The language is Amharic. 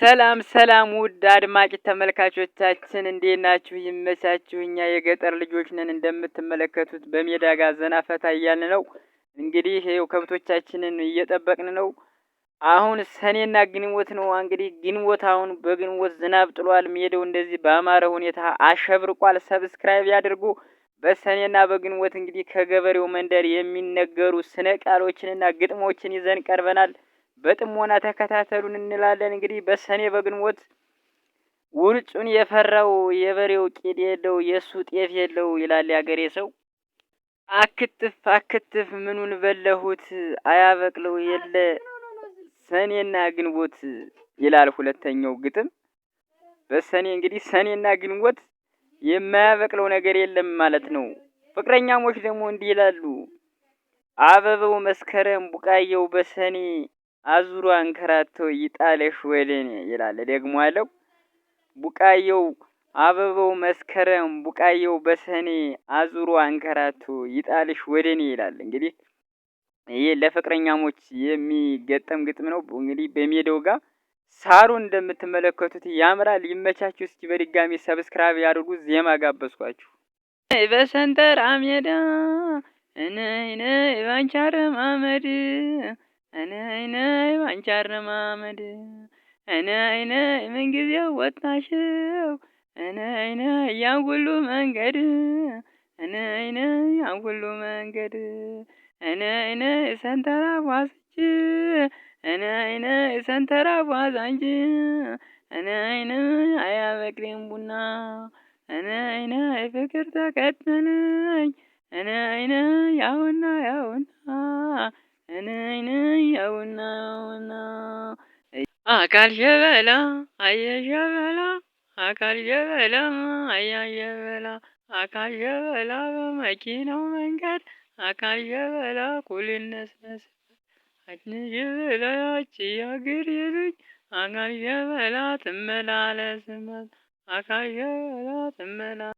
ሰላም ሰላም ውድ አድማጭ ተመልካቾቻችን እንዴት ናችሁ? ይመቻችሁ። እኛ የገጠር ልጆች ነን። እንደምትመለከቱት በሜዳ ጋር ዘና ፈታ እያልን ነው። እንግዲህ ይኸው ከብቶቻችንን እየጠበቅን ነው። አሁን ሰኔና ግንቦት ነው። እንግዲህ ግንቦት አሁን በግንቦት ዝናብ ጥሏል። ሜዳው እንደዚህ በአማረ ሁኔታ አሸብርቋል። ሰብስክራይብ ያድርጉ። በሰኔና በግንቦት እንግዲህ ከገበሬው መንደር የሚነገሩ ስነ ቃሎችንና ግጥሞችን ይዘን ቀርበናል። በጥሞና ተከታተሉን እንላለን። እንግዲህ በሰኔ በግንቦት ውርጩን የፈራው የበሬው ቂድ የለው የእሱ ጤፍ የለው ይላል ያገሬ ሰው። አክትፍ አክትፍ ምኑን በለሁት አያበቅለው የለ ሰኔና ግንቦት ይላል ሁለተኛው ግጥም። በሰኔ እንግዲህ ሰኔና ግንቦት የማያበቅለው ነገር የለም ማለት ነው። ፍቅረኛሞች ደግሞ እንዲህ ይላሉ። አበበው መስከረም ቡቃየው በሰኔ አዙሮ አንከራቶ ይጣለሽ ወደኔ ይላል ደግሞ አለው ቡቃየው አበበው መስከረም ቡቃየው በሰኔ አዙሮ አንከራቶ ይጣልሽ ወደኔ ይላል። እንግዲህ ይሄ ለፍቅረኛሞች የሚገጠም ግጥም ነው። እንግዲህ በሜዳው ጋር ሳሩ እንደምትመለከቱት ያምራል። ይመቻችሁ። እስኪ በድጋሚ ሰብስክራይብ ያድርጉ። ዜማ ጋበዝኳችሁ። በሰንተር አሜዳ እነ እነ ባንቻር ማመድ እነ እነ አንቺ አረማመድ እኔ አይነ ምንጊዜው ወጣሽው እኔ አይነ ያን መንገድ እኔ አይነ ያን መንገድ እኔ አይነ ሰንተራ ዋዝች እኔ አይነ ሰንተራ ዋዛንጅ እኔ አይነ አያበቅሌም ቡና እኔ አይነ ፍቅር ተከተለኝ እኔ አይነ ያውና ያውና እኔ አይነ ያውና አካል ሸበላ አየ ሸበላ አካል ሸበላ አያ ሸበላ አካል ሸበላ በመኪናው መንገድ አካል ሸበላ ኩልነስነስ አጅንሽበላች ያግር የልጅ አካል ሸበላ ትመላለስበት አካል ሸበላ ትመላ